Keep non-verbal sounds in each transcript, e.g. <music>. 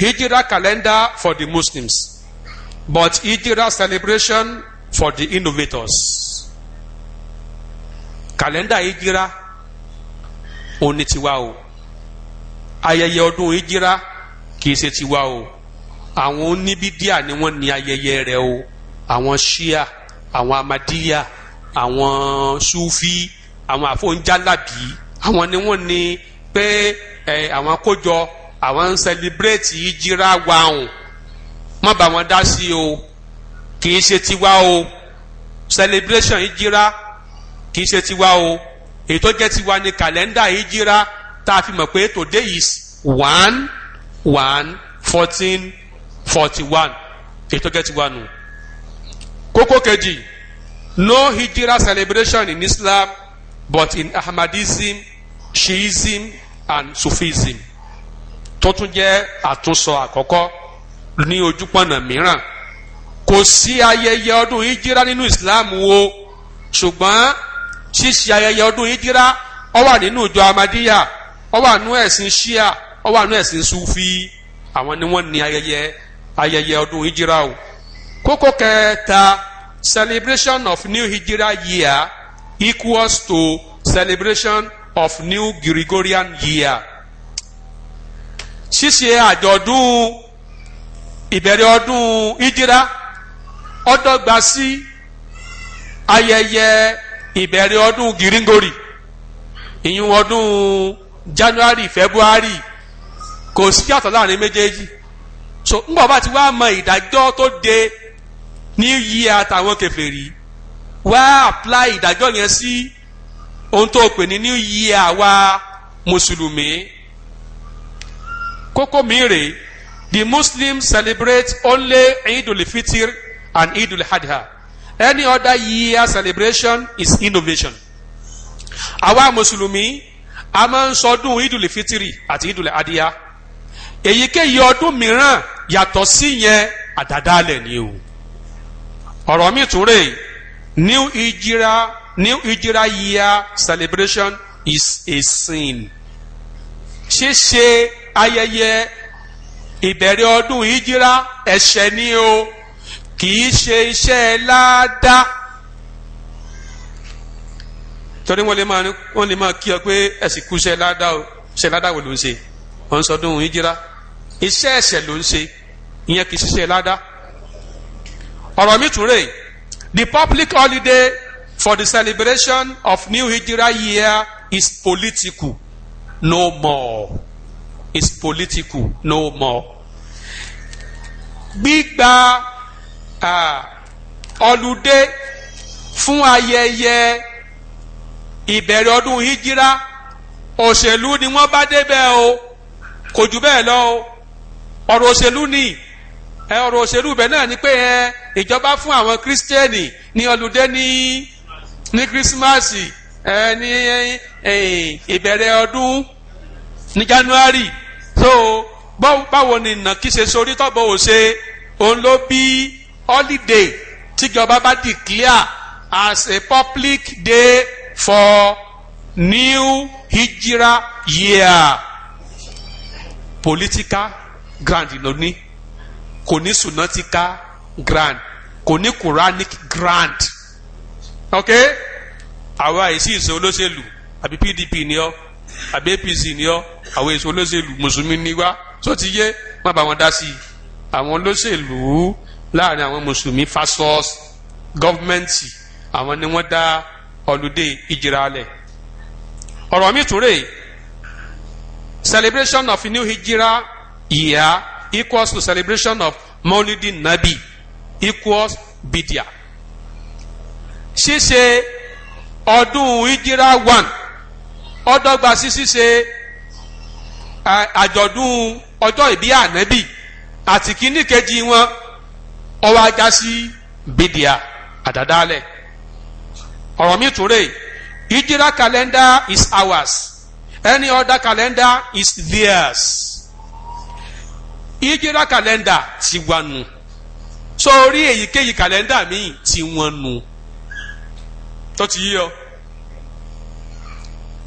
Hijra calendar for the Muslims, but Hijra celebration for the innovators. Calendar Hijra òun ni tiwa o. Ayẹyẹ ọdún Hijra kìí ṣe tiwa o. Àwọn oníbídíà ni wọ́n ní ayẹyẹ rẹ̀ o. Àwọn Shia, àwọn Amadiya, àwọn Sufi, àwọn àfọ̀njálàbí. Àwọn ni wọ́n ní pé àwọn kójọ àwọn ń sẹlibireti ìjìra wa hùn má bá wọn dá sí o kì í ṣe tiwa o celebration ìjìra kì í ṣe tiwa o èyí tó jẹ́ tiwa ni kàlẹ́ndà ìjìra tá a fi mọ̀ pé today is one one fourteen forty one èyí tó jẹ́ tiwa nù. kókó kejì no hijira celebration in Islam but in Ahmadism Shiism and Sufism tó tún jẹ́ àtúnsọ àkọ́kọ́ ní ojúpọ̀nà mìíràn kò sí ayẹyẹ ọdún hijira nínú islam wo ṣùgbọ́n ṣíṣe ayẹyẹ ọdún hijira ó wà nínú ìjọ amadiya ó wà nínú ẹ̀sìn shia ó wà nínú ẹ̀sìn sufi àwọn ni wọ́n ní ayẹyẹ ayẹyẹ ọdún hijira o kókó kẹta celebration of new hijira year equals to celebration of new Gregorian year ṣíṣe àjọ̀dún ìbẹ̀rẹ̀ ọdún ìjírá ó dọ́gba sí ayẹyẹ ìbẹ̀rẹ̀ ọdún gíríngorì ìyún ọdún January February kò sí yàtọ̀ láàrin méjèèjì so ńgbà bá ti wá mọ ìdájọ́ tó de ní yí àtàwọn kèfèrí wá apply ìdájọ́ yẹn sí ohun tó pè ní new year wa mùsùlùmí Koko miri, the muslims celebrate only eid al-fitr and eid al hadha any other year celebration is innovation àwa mùsùlùmí a máa ń sọdún eid al-fitr àti eid al-adha èyíkéyìí ọdún mìíràn yàtọ̀ sí yẹn àdàdálẹ̀ ni o ọ̀rọ̀ mi tún rèé new ijira new ijira year celebration is a sin ṣíṣe ayẹyẹ ìbẹ̀rẹ̀ ọdún ìjírá ẹ̀ṣẹ̀ ni o kì í ṣe iṣẹ́ láàdá torí wọ́n lè máa wọ́n lè máa kí ọ pé ẹ̀sìn kú iṣẹ́ láàdá o iṣẹ́ láàdá wo ló ń ṣe wọ́n ń sọdún ìjírá iṣẹ́ ẹ̀ṣẹ̀ ló ń ṣe ìyẹn kì í ṣiṣẹ́ láàdá ọ̀rọ̀ mi tún rè the public holiday for the celebration of new hijra year is political no more is political no more. Gbígba ọlùdé fún ayẹyẹ ìbẹ̀rẹ̀ ọdún hijira òṣèlú ni wọ́n bá débẹ̀ o kò jù bẹ́ẹ̀ lọ o ọ̀rọ̀ òṣèlú ni ọ̀rọ̀ òṣèlú bẹ́ẹ̀ náà ni pé ẹ ìjọba fún àwọn kírísítẹ́nì ní ọlùdé ní ní kírísímàsì ní ìbẹ̀rẹ̀ ọdún ní January so báwo ni nàkíṣe sórí tọ́bọ̀ ò ṣe òun ló bí holiday tíjọba bá declare as a public day for new hijra year political grant ló ní kò ní sunnatica grant kò ní quranic grant ok àwa èsì ìṣe olóṣèlú àbí PDP ni ọ àbí apc ni ọ àwọn èso olóṣèlú mùsùlùmí ni wá tó ti yé má bá wọn dá sí i àwọn olóṣèlú láàrin àwọn mùsùlùmí fasos gọọmenti àwọn ni wọn dá ọlùdé ìjìrà alẹ ọ̀rọ̀ mi túnrè celebration of new hijira year equals to celebration of maulidi nabi equals bidia ṣíṣe ọdún hijira one ọdọgba sí ṣíṣe àjọ̀dún ọjọ́ ìbí ànábì àti kíní kejì wọn ọwọ́ ajá sí bídíà àdádálẹ̀ ọ̀rọ̀ mi tún rè ìjírá calendar is ours any other calendar is theirs ìjírá calendar ti wà nù sọ orí èyíkéyìí calendar míì ti wọn nù tó ti yí ọ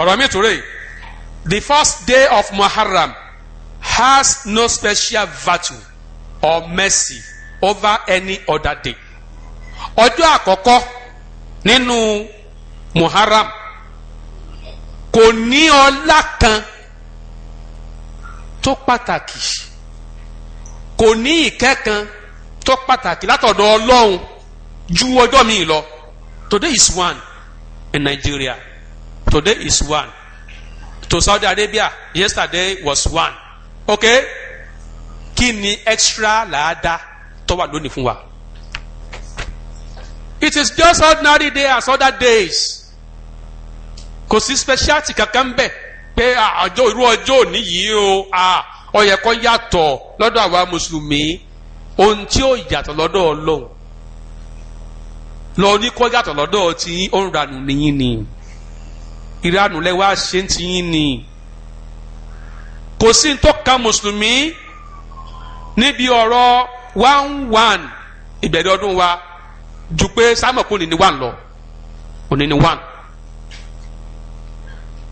ọ̀rọ̀ mi tún the first day of Muharram has no special virtue or mercy over any other day ọjọ́ àkọ́kọ́ nínú Muharram kò ní ọlá kan tó pàtàkì kò ní ìkẹ́ kan tó pàtàkì látọ̀dọ̀ Ọlọ́run ju ọjọ́ mi lọ today is one in Nigeria. Today is one. To Saudi Arabia, yesterday was one. Okay? Kí ni extra laada tó wà lónìí fún wa? It is just ordinary day as other days. Kò sí speciality kankan bẹ̀ pé àjọ irú ọjọ́ òní yìí o ó yẹ kó yàtọ̀ lọ́dọ̀ àwa mùsùlùmí ohun tí ó yàtọ̀ lọ́dọ̀ Ọlọ́run lọ ní kó yàtọ̀ lọ́dọ̀ tí ó ń ranù nìyí ni. Yini ìranù lẹ́wọ́ àṣẹ ti yín ni kò sí ní tó ka mùsùlùmí níbi ọ̀rọ̀ one one ìbẹ̀rẹ̀ ọdún wa ju pé sámọ̀kú ni ni one lọ òní ni one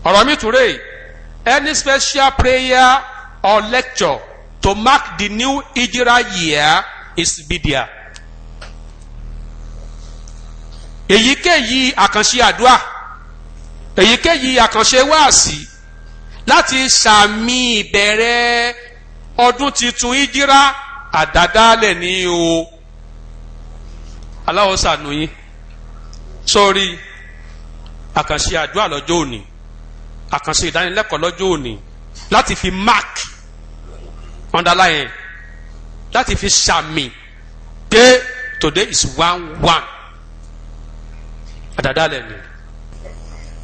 ọ̀rọ̀ mi tún rè any special prayer or lecture to mark the new Hijra year is bidia èyíkéyìí àkànṣe àdúrà èyíkéyìí àkànṣe wáàsí láti sàmì ìbẹ̀rẹ̀ ọdún tuntun ìjírá àdádálẹ̀ ní o aláwọ̀ sànù yín sórí àkànṣe àdúrà lọ́jọ́ òní àkànṣe ìdánilẹ́kọ̀ọ́ lọ́jọ́ òní láti fi mark underline láti fi sàmì pé today is one one àdádálẹ̀ ni.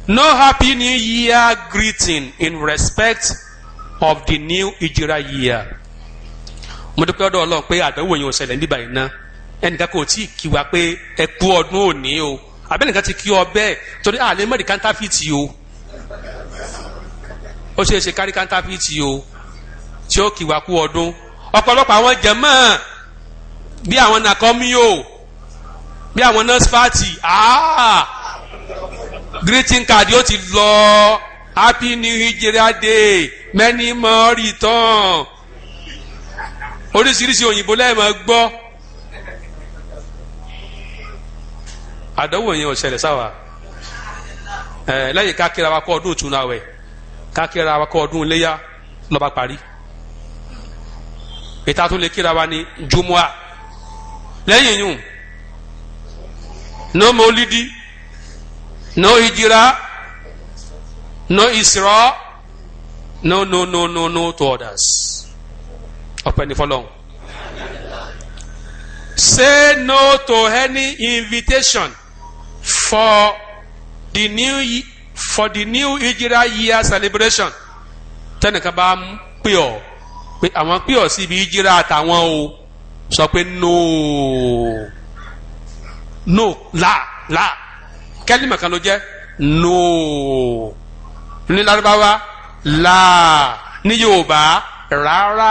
No happy new year greeting in respect of the new Ijira year. Mo dúpẹ́ ọ̀dọ̀ Ọlọ́run pé àdánwò yẹn ò ṣẹlẹ̀ níbà yìí náà ẹnìkan kò tí ì kí wa pé ẹ kú ọdún òní o àbẹ́nìkan ti kí ọ bẹ́ẹ̀ torí àlẹ́ mọ́ọ̀dì kántáfìtì o ó ṣeé ṣe kárí kántáfìtì o tí ó kí wa kú ọdún ọ̀pọ̀lọpọ̀ àwọn jẹ̀mọ́ bí àwọn nàkọ́míò bí àwọn nọ́sífàtì áá greeting card yóò ti lọ happy new hijira day many more return oríṣiríṣi òyìnbó lẹ́ẹ̀mọ́ gbọ́ àdánwò yẹn ò ṣẹlẹ̀ sáwà ẹ lẹ́yìn kákìrà wa kọ́ ọdún ìtúnu àwẹ̀ kákìrà wa kọ́ ọdún iléyà lọ́ba parí ìta tó lè kíra wa ni jumua lẹ́yìn yùn no mo lídìí no hijira no isra no no no no no to others ọpẹ́ ní fọ́lọ́run say no to any invitation for the new for the new hijira year celebration tẹnìkan bá ń pè ọ́ pé àwọn pè ọ́ sí ibi hijira àtàwọn o sọ pé no no la la kẹ́límà kan ló jẹ́ nóò ní lárúbáwá láà ní yorùbá rárá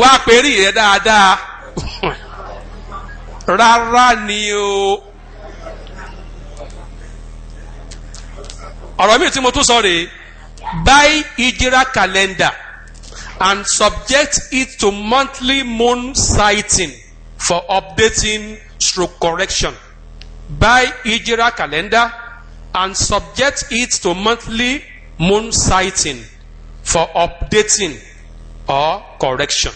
wá péré rẹ dáadáa <laughs> rárá ni o ọ̀rọ̀ mi tí mo tún sọ rèé buy hijra calendar and subject it to monthly moon sighting for updating stroke correction by Hijra calendar and subject it to monthly moon sighting for updating or correction.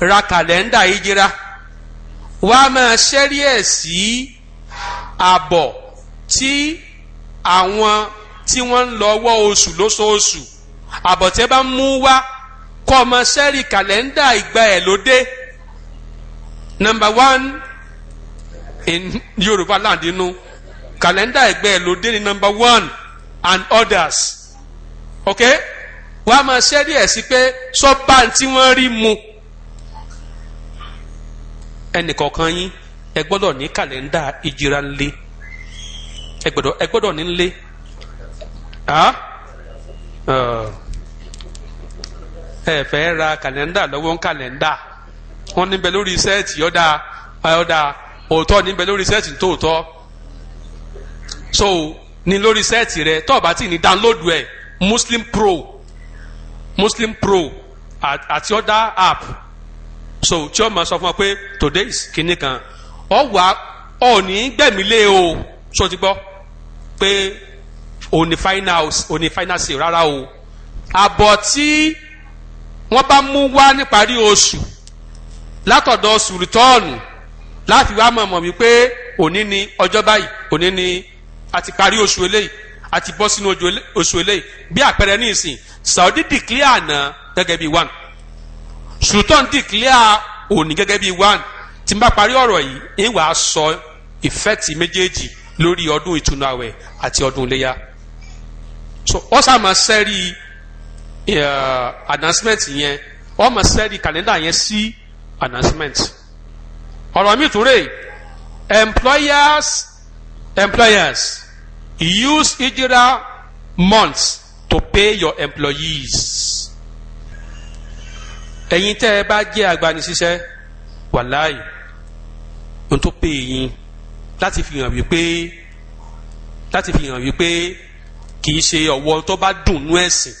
Ra kàlẹ́ndà Hijra wá máa ṣẹ́rí ẹ̀ sí àbọ̀ tí àwọn tí wọ́n ń lọ wọ́ oṣù lóṣooṣù àbọ̀tẹ́ bá ń mú wá kọ́ ọmọ ṣẹ́rí kàlẹ́ndà ìgbà ẹ̀ lóde. Number one In yorùbá land you know, calendar ló dé ní number one and others ok wàá máa ṣẹ́rí ẹ̀ sí pé sọ́ba tí wọ́n rí mu ẹnìkọ̀ọ̀kan yín ẹ gbọ́dọ̀ ní kàlẹ́ndà ìjìra ńlẹ̀ ẹ gbọ́dọ̀ ẹ gbọ́dọ̀ ní ńlẹ̀ ẹ fẹ́ ra kàlẹ́ndà lọ́wọ́ ń kàlẹ́ndà wọ́n níbẹ̀ lórí sẹ́ẹ̀tì ọ̀dà ọ̀dà òótọ́ níbẹ̀ lórí sẹ́ẹ̀tì tóòtọ́ so ní lórí sẹ́ẹ̀tì rẹ tó o bá ti ní dáńlódù ẹ̀ muslim pro muslim pro àti other app so tí o máa sọ fún wa pé today is kinní kan ọ wà ọ ní gbẹ̀mílẹ̀ o so ti gbọ́ pé òní final òní final sale rárá o àbọ̀ tí wọ́n bá mú wá níparí oṣù látọ̀dọ̀ sùrìtọ́ọ̀nù láti wá mọ̀mọ́ wípé òní ni ọjọ́ báyìí òní ni àti parí oṣù eléyìí àti bọ́ sínú oṣù eléyìí bí àpẹẹrẹ ní ìsìn Saudi declare àná gẹ́gẹ́ bí one Sultan declare òní gẹ́gẹ́ bí one tí n bá parí ọ̀rọ̀ yìí ń wàá sọ ìfẹ́ẹ̀tì méjèèjì lórí ọdún ìtúnu àwẹ̀ àti ọdún iléyà so wọ́n sàmà sẹ́rí eh, announcement yẹn wọ́n mọ̀ sẹ́rí kàlẹ́ndà yẹn sí announcement ọ̀rọ̀ mi tún rè employers employers use ijira months to pay your employees ẹ̀yin tẹ́ ẹ bá jẹ́ agbanisíṣẹ́ wàláì ohun tó pè yín láti fi hàn wípé láti fi hàn wípé kì í ṣe ọ̀wọ́ tó bá dùn nú ẹ̀sìn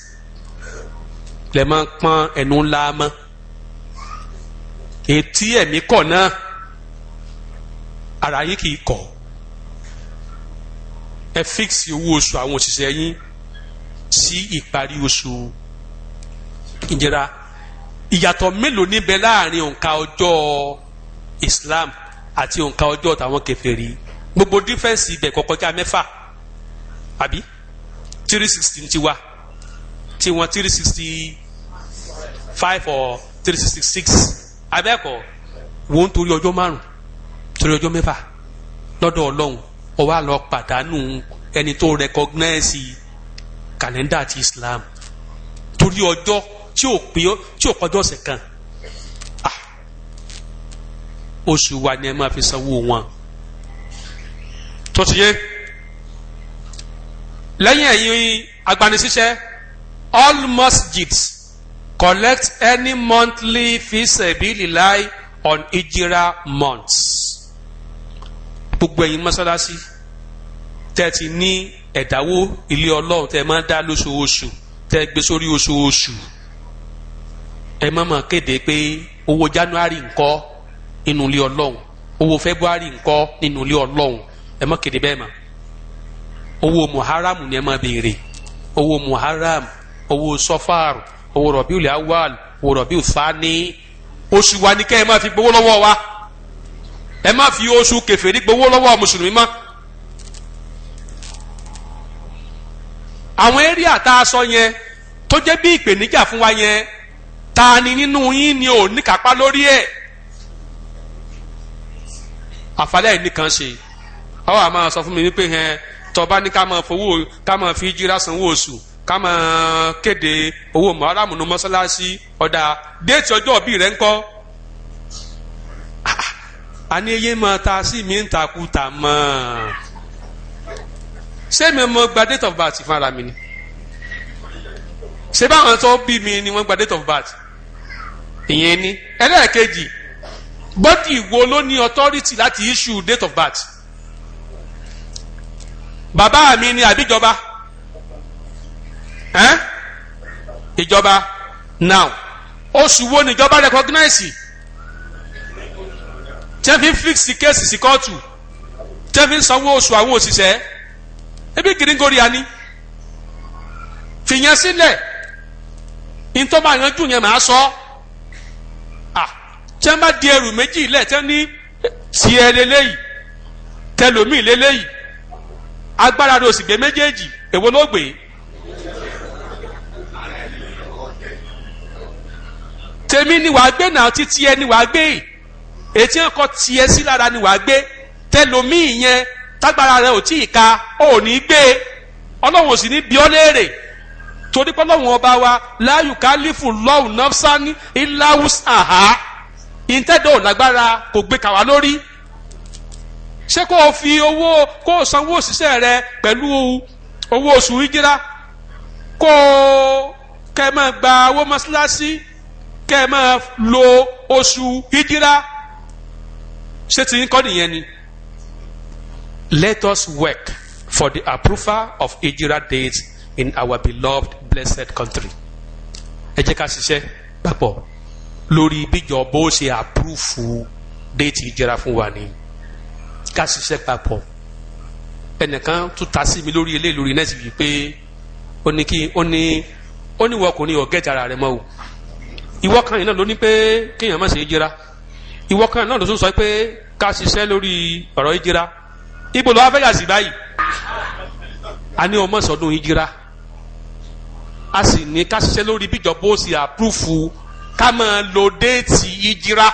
lè máa pọ́n ẹnu ńlá mọ́ ètí ẹ̀mí kọ̀ náà ara yín kì í kọ̀ ẹ fíksì owó oṣù àwọn òṣìṣẹ́ yín sí ìparí oṣù ìjẹra ìyàtọ̀ mélòó níbẹ̀ láàrin òǹkà ọjọ́ Islam àti òǹkà ọjọ́ tàwọn kèfèrí gbogbo dífẹ́ǹsì ibẹ̀ kọ̀kọ́já mẹ́fà àbí three sixty ti wa ti three sixty five or three sixty six abẹ́ẹ̀kọ́ wọ́n ń torí ọjọ́ márùn-ún torí ọjọ́ mẹ́fà lọ́dọ̀ ọlọ́run ó wá lọ pàdánù ẹni tó rẹkọgnẹ́sì kàlẹ́ndà ti Islam torí ọjọ́ tí ò pé tí ò kọjọ́ ọ̀sẹ̀ kan ah, oṣù wa ni ẹ máa fi sanwó wọn tó ti yé lẹ́yìn ẹ̀yin agbanisíṣẹ́ all masjids collect any monthly fee sabilillah on ijira months gbogbo ẹ̀yin mọ́sálásí tẹ́ ti ní ẹ̀dáwó ilé ọlọ́run tẹ́ máa ń dá lóṣooṣù tẹ́ gbé sórí oṣooṣù ẹ má máa kéde pé owó january ńkọ́ nínú ilé ọlọ́run owó february ńkọ́ nínú ilé ọlọ́run ẹ má kéde bẹ́ẹ̀ mà owó muharram ni ẹ má béèrè owó muharram owó sọfàr owó rọ̀bíùlẹ̀ awal owó rọ̀bíù fani oṣù wa ni kẹ́ ẹ máa fi gbowó lọ́wọ́ wa ẹ má fi oṣù kèfèrí gbowó lọ́wọ́ mùsùlùmí mọ́. àwọn eréà tá a sọ yẹn tó jẹ́ bí ìpèníjà fún wa yẹn ta ni nínú yín ni ò ní kápá lórí ẹ̀ àfàlẹ́ nìkan ṣe ọ wà máa sọ fún mi wípé hẹn tọba ní ká máa fowó ká máa fi jíra sanwó oṣù ká máa kéde owó mọ̀ọ́rámù ní mọ́ṣáláṣí ọ̀dà déètì ọjọ́ òbí rẹ̀ ńkọ́ Ani eyé máa ta sí mi ń takùtà mọ́ ṣé mi mọ gba date of birth fún ara mi ni ṣé báwọn tó bí mi ni wọ́n gba date of birth ìyẹn ni ẹlẹ́ẹ̀kejì bọ́dì wo ló ní authority láti issue date of birth bàbá mi ni àbíjọba ìjọba now oṣù wo ni ìjọba recognize tẹ́fí fíksì kéèsì sí kóòtù tẹ́fí sanwó oṣù àwọn òṣìṣẹ́ ebi gírígórí ani fìyẹn sílẹ̀ ntọ́ bá yanjú yẹn màá sọ tẹ́ bá di ẹrù méjì lẹ̀ tẹ́ ní tiẹ̀ lélẹ́yìí tẹlomi lélẹ́yìí agbára rẹ̀ òsìgbè méjèèjì èwo ló gbé tèmi ni wàá gbé náà títí ẹ ni wàá gbé yìí. etí ẹ̀kọ́ tiẹ̀ sí lára ni wàá gbé tẹlomiì yẹn tágbára rẹ ò tí ì ka ò ní gbé sì ní léèrè torí pé ọba wa láàyù kálífù lo nọ́fṣání ìláwùs àhá ìtẹ́dọ̀ lágbára kò gbé kàwá lórí ṣé o fi owó kó o sanwó òṣìṣẹ́ rẹ pẹ̀lú owó oṣù ìjírá kó o kẹ́ máa gba owó mọ́ṣáláṣí kẹ́ máa lo oṣù hijira. ṣé ti ń kọ́ nìyẹn ni let us work for the approval of ijira dates in our beloved blessed country ẹ jẹ́ ká ṣiṣẹ́ papọ̀ lórí bíjọ bó ṣe àpúrúfù déètì ìjẹra fún wa ni ká ṣiṣẹ́ papọ̀ ẹnìkan tún ta sí mi lórí ilé lórí nẹ́ẹ̀sì yìí pé ó ní kí ó ní ó ní ìwọ ọkùnrin ọ̀gẹ́ta ara rẹ mọ́ o ìwọ yìí náà ló ní pé kéèyàn má ṣe é jẹra ìwọ kan náà ló tún sọ pé ká ṣiṣẹ́ lórí ọ̀rọ̀ ìjira ibo ló wá fẹ́ yà sí báyìí a ní ọmọ sọdún ìjira a sì ní ká ṣiṣẹ́ lórí bíjọba ó sì àpúrúfù ká máa lo déètì ìjira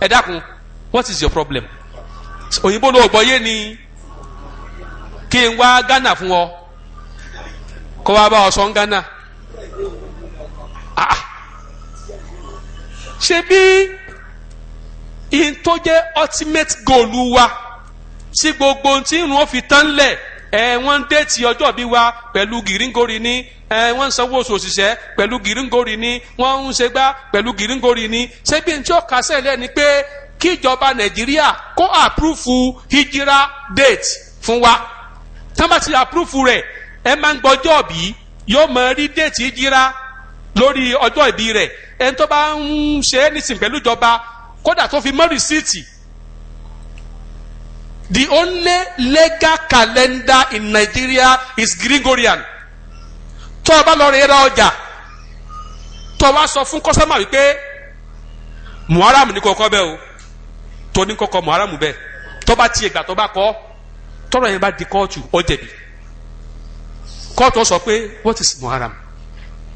ẹ dákun what is your problem òyìnbó ló gbọ́ yé ni kí n wá Ghana fún ọ kó wá bá ọ sọ ń Ghana ah, ah. ṣe bí ihun tó jẹ́ ultimate goal wa sí gbogbo ohun tí irun ó fi tán lẹ̀ ẹ wọ́n ń déètì ọjọ́ bí wa pẹ̀lú gìrìngorì ni ẹ wọ́n ń sanwó oṣù òṣìṣẹ́ pẹ̀lú gìrìngorì ni wọ́n ń ṣe gbá pẹ̀lú gìrìngorì ni ṣé bí n tí ó kásẹ̀ lẹ́ ni pé kíjọba nàìjíríà kó àpúrúfù hijira date fún wa tán bá ti àpúrúfù rẹ̀ ẹ máa ń gbọ́jọ́ bí yóò mọ rí déètì hijira lórí ọjọ́ ìbí rẹ̀ ẹni tó bá ń ṣe anything pẹ̀lú ìjọba kódà tó fi mọ́ rìsíìtì the only legal calendar in Nigeria is Gregorian tó o bá lọ rè ra ọjà tó o wá sọ fún kọ́sọ́mà wípé muharam ní kọ́kọ́ bẹ́ẹ̀ o tó ní kọ́kọ́ muharam bẹ́ẹ̀ tó bá tiẹ̀ gbà tó bá kọ́ tọ́rọ̀ yẹn bá di kóòtù ó jẹ̀bi kóòtù ó sọ pé what is muharam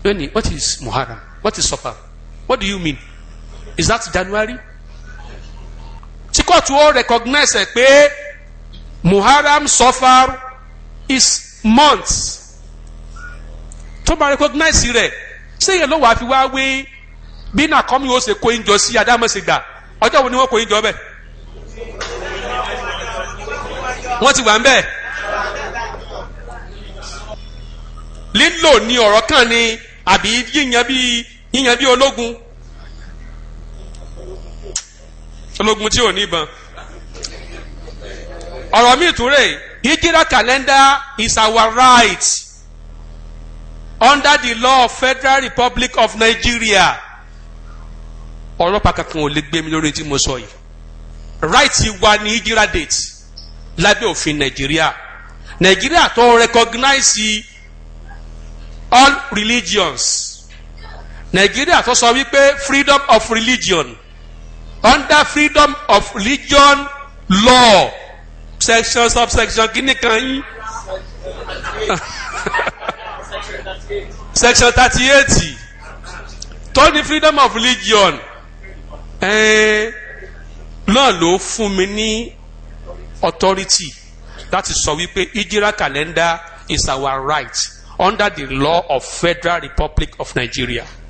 lónìí what is muharam what is sọfà what do you mean is that January? tí kóòtù ó recognize ẹ pé muharram sofar is months tó bá recognize rẹ sẹ́yìn ló wà á fi wá wé bí nàkọ́mi ó ṣe kó ìjọ sí adámọ̀sẹ̀gbà ọjọ́ wo ni wọ́n kó ìjọ bẹ́ẹ̀ wọ́n ti wà ń bẹ́ẹ̀ lílò ni ọ̀rọ̀ kan ni àbí yíyan bí yíyan bí ológun ológun tí ò ní ìbọn ọ̀rọ̀ mi ìtúrẹ́ hijira calendar is our right under the law of Federal Republic of Nigeria ọ̀rọ̀ pàkàkùn ò lè gbé mi lórí tí mo sọ yìí right wa ni hijira date lábẹ́ òfin Nàìjíríà Nàìjíríà tó recognize all religions Nàìjíríà tó sọ wípé freedom of religion under freedom of religion law section subsection kíní kan yín <laughs> section thirty eight tó freedom of religion eh, náà ló fún mi ní authority láti sọ wípé ijira calendar is our right under the law of Federal Republic of Nigeria.